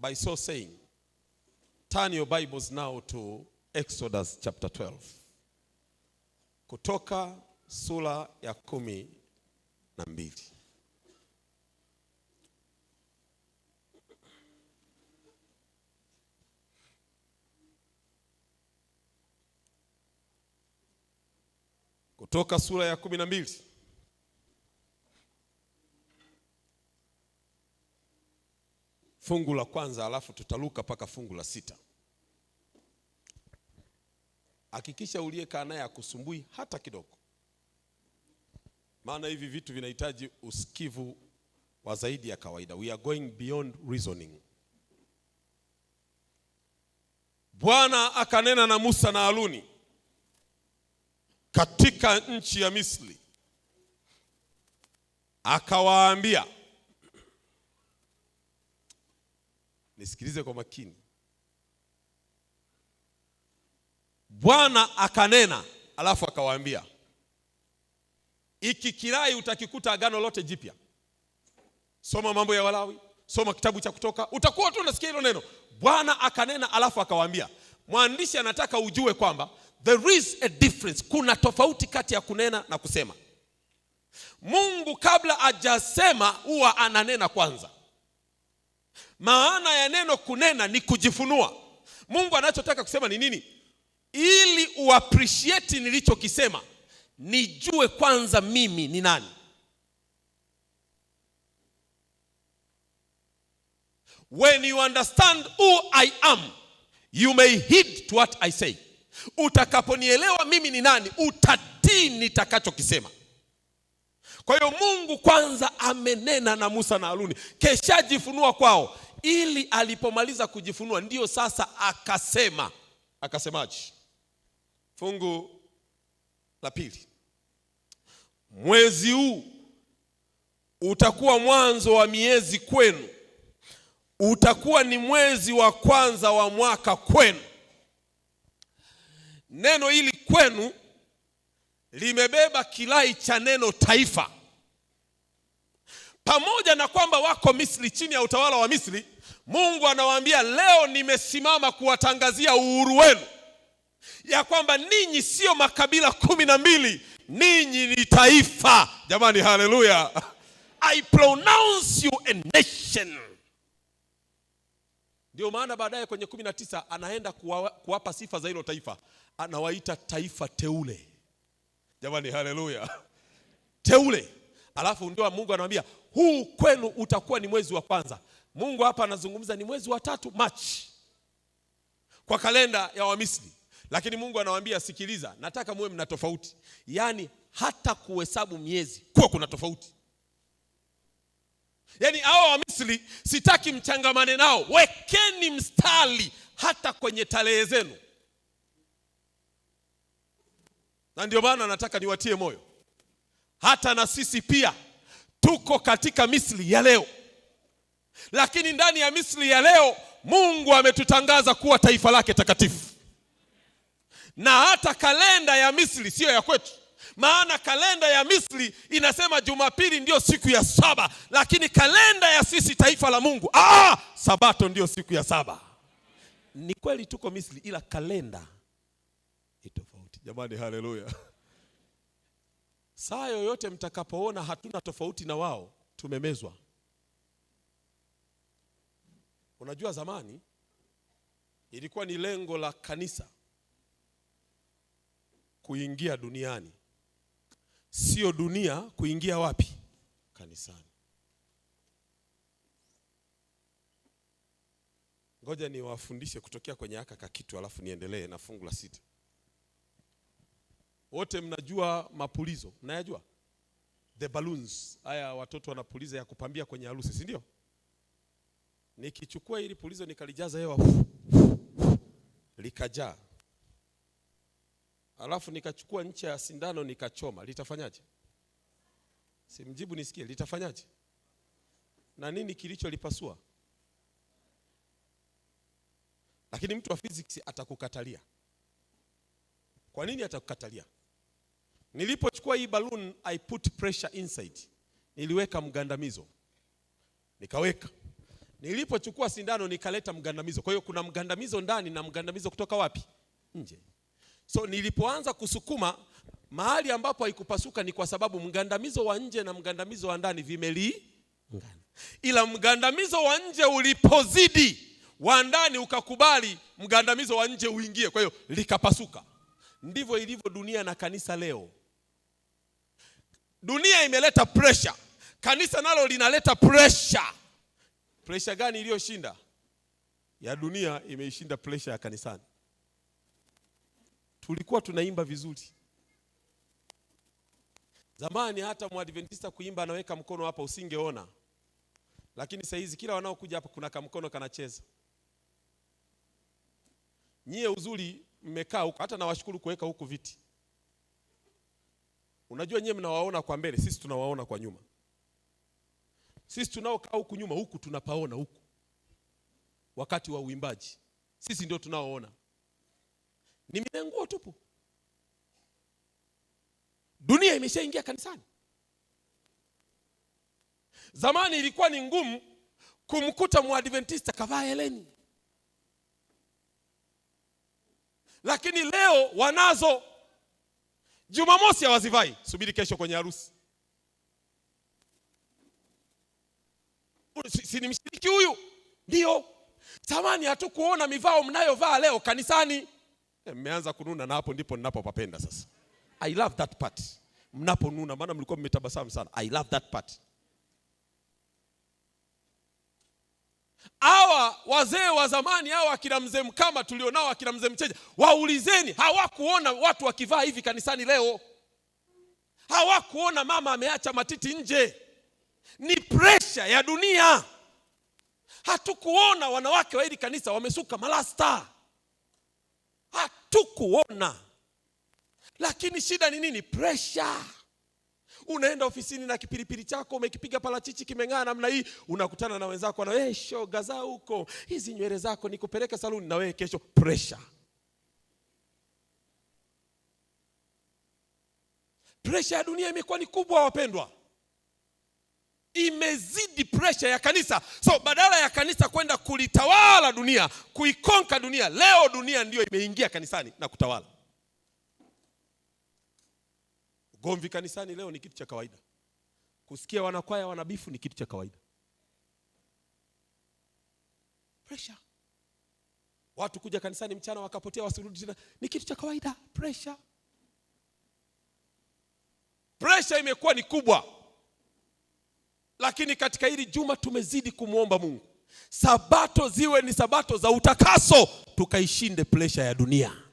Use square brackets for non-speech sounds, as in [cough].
by so saying, turn your Bibles now to Exodus chapter 12. Kutoka sura ya kumi na mbili. Kutoka sura ya kumi na mbili. fungu la kwanza, alafu tutaruka mpaka fungu la sita. Hakikisha uliyekaa naye akusumbui hata kidogo, maana hivi vitu vinahitaji usikivu wa zaidi ya kawaida. We are going beyond reasoning. Bwana akanena na Musa na Haruni katika nchi ya Misri, akawaambia nisikilize kwa makini. Bwana akanena, alafu akawaambia, iki kirai utakikuta agano lote jipya. Soma mambo ya Walawi, soma kitabu cha Kutoka, utakuwa tu unasikia hilo neno. Bwana akanena, alafu akawaambia. Mwandishi anataka ujue kwamba there is a difference, kuna tofauti kati ya kunena na kusema. Mungu kabla ajasema huwa ananena kwanza. Maana ya neno kunena ni kujifunua. Mungu anachotaka kusema ni nini? Ili uappreciate nilichokisema, nijue kwanza mimi ni nani. When you understand who I am, you may heed to what I say. Utakaponielewa mimi ni nani, utatii nitakachokisema. Kwa hiyo Mungu kwanza amenena na Musa na Haruni, keshajifunua kwao ili alipomaliza kujifunua ndiyo sasa akasema. Akasemaje? Fungu la pili, mwezi huu utakuwa mwanzo wa miezi kwenu, utakuwa ni mwezi wa kwanza wa mwaka kwenu. Neno hili kwenu limebeba kilai cha neno taifa. Pamoja na kwamba wako Misri, chini ya utawala wa Misri, Mungu anawaambia leo, nimesimama kuwatangazia uhuru wenu, ya kwamba ninyi sio makabila kumi na mbili, ninyi ni taifa. Jamani, haleluya! [laughs] I pronounce you a nation. Ndio maana baadaye kwenye kumi na tisa anaenda kuwa, kuwapa sifa za hilo taifa, anawaita taifa teule. Jamani, haleluya! [laughs] Teule, alafu ndio Mungu anamwambia huu kwenu utakuwa ni mwezi wa kwanza. Mungu hapa anazungumza ni mwezi wa tatu Machi kwa kalenda ya Wamisri, lakini Mungu anawaambia sikiliza, nataka muwe mna tofauti, yaani hata kuhesabu miezi kuwa kuna tofauti. Yaani hao Wamisri sitaki mchangamane nao, wekeni mstari hata kwenye tarehe zenu, na ndio maana nataka niwatie moyo hata na sisi pia Tuko katika Misri ya leo, lakini ndani ya Misri ya leo Mungu ametutangaza kuwa taifa lake takatifu, na hata kalenda ya Misri siyo ya kwetu. Maana kalenda ya Misri inasema Jumapili ndiyo siku ya saba, lakini kalenda ya sisi taifa la Mungu, ah, sabato ndiyo siku ya saba. Ni kweli tuko Misri, ila kalenda ni tofauti. Jamani, haleluya! Saa yoyote mtakapoona hatuna tofauti na wao, tumemezwa. Unajua, zamani ilikuwa ni lengo la kanisa kuingia duniani, sio dunia kuingia wapi? Kanisani. Ngoja niwafundishe kutokea kwenye haka kakitu, alafu niendelee na fungu la sita. Wote mnajua mapulizo, mnayajua the balloons, haya watoto wanapuliza ya kupambia kwenye harusi, si ndio? Nikichukua ili pulizo nikalijaza hewa likajaa, alafu nikachukua ncha ya sindano nikachoma, litafanyaje? Simjibu, nisikie, litafanyaje? Na nini kilicholipasua? Lakini mtu wa physics atakukatalia. Kwa nini atakukatalia? Nilipochukua hii balloon I put pressure inside, niliweka mgandamizo nikaweka. Nilipochukua sindano nikaleta mgandamizo. Kwa hiyo kuna mgandamizo ndani na mgandamizo kutoka wapi? Nje. So nilipoanza kusukuma mahali ambapo haikupasuka ni kwa sababu mgandamizo wa nje na mgandamizo wa ndani vimeliungana, ila mgandamizo wa nje ulipozidi wa ndani ukakubali mgandamizo wa nje uingie, kwa hiyo likapasuka. Ndivyo ilivyo dunia na kanisa leo. Dunia imeleta pressure, kanisa nalo linaleta pressure. Pressure gani iliyoshinda? Ya dunia imeishinda pressure ya kanisani. Tulikuwa tunaimba vizuri zamani, hata mwadventista kuimba anaweka mkono hapa usingeona, lakini saa hizi kila wanaokuja hapa kuna kamkono kanacheza. Nyie uzuri mmekaa huko, hata nawashukuru kuweka huku viti Unajua nyewe mnawaona kwa mbele, sisi tunawaona kwa nyuma. Sisi tunaokaa huku nyuma huku tunapaona huku, wakati wa uimbaji sisi ndio tunaoona, ni mienguo tupu. Dunia imeshaingia kanisani. Zamani ilikuwa ni ngumu kumkuta mwadventista kavaa heleni, lakini leo wanazo Jumamosi hawazivai, subiri kesho kwenye harusi. Si ni mshiriki huyu? Ndio. Samani, hatukuona mivao mnayovaa leo kanisani. Eh, mmeanza kununa, na hapo ndipo ninapopapenda sasa. I love that part, mnaponuna, maana mlikuwa mmetabasamu sana. I love that part. Hawa wazee wa zamani hawa akina mzee Mkama tulionao, akina mzee Mcheja, waulizeni, hawakuona watu wakivaa hivi kanisani leo? Hawakuona mama ameacha matiti nje? Ni presha ya dunia. Hatukuona wanawake wa hili kanisa wamesuka malasta, hatukuona. Lakini shida ni nini? Presha. Unaenda ofisini na kipilipili chako umekipiga parachichi kimeng'aa namna hii, unakutana na wenzako na wewe, eh, shoga za huko, hizi nywele zako nikupeleke saluni, na wewe kesho pressure. Pressure ya dunia imekuwa ni kubwa wapendwa, imezidi pressure ya kanisa. So badala ya kanisa kwenda kulitawala dunia, kuikonka dunia, leo dunia ndiyo imeingia kanisani na kutawala. Gomvi kanisani leo ni kitu cha kawaida. Kusikia wanakwaya wanabifu ni kitu cha kawaida. Pressure. Watu kuja kanisani mchana wakapotea wasirudi tena ni kitu cha kawaida. Pressure. Pressure imekuwa ni kubwa, lakini katika hili juma tumezidi kumwomba Mungu, sabato ziwe ni sabato za utakaso, tukaishinde pressure ya dunia.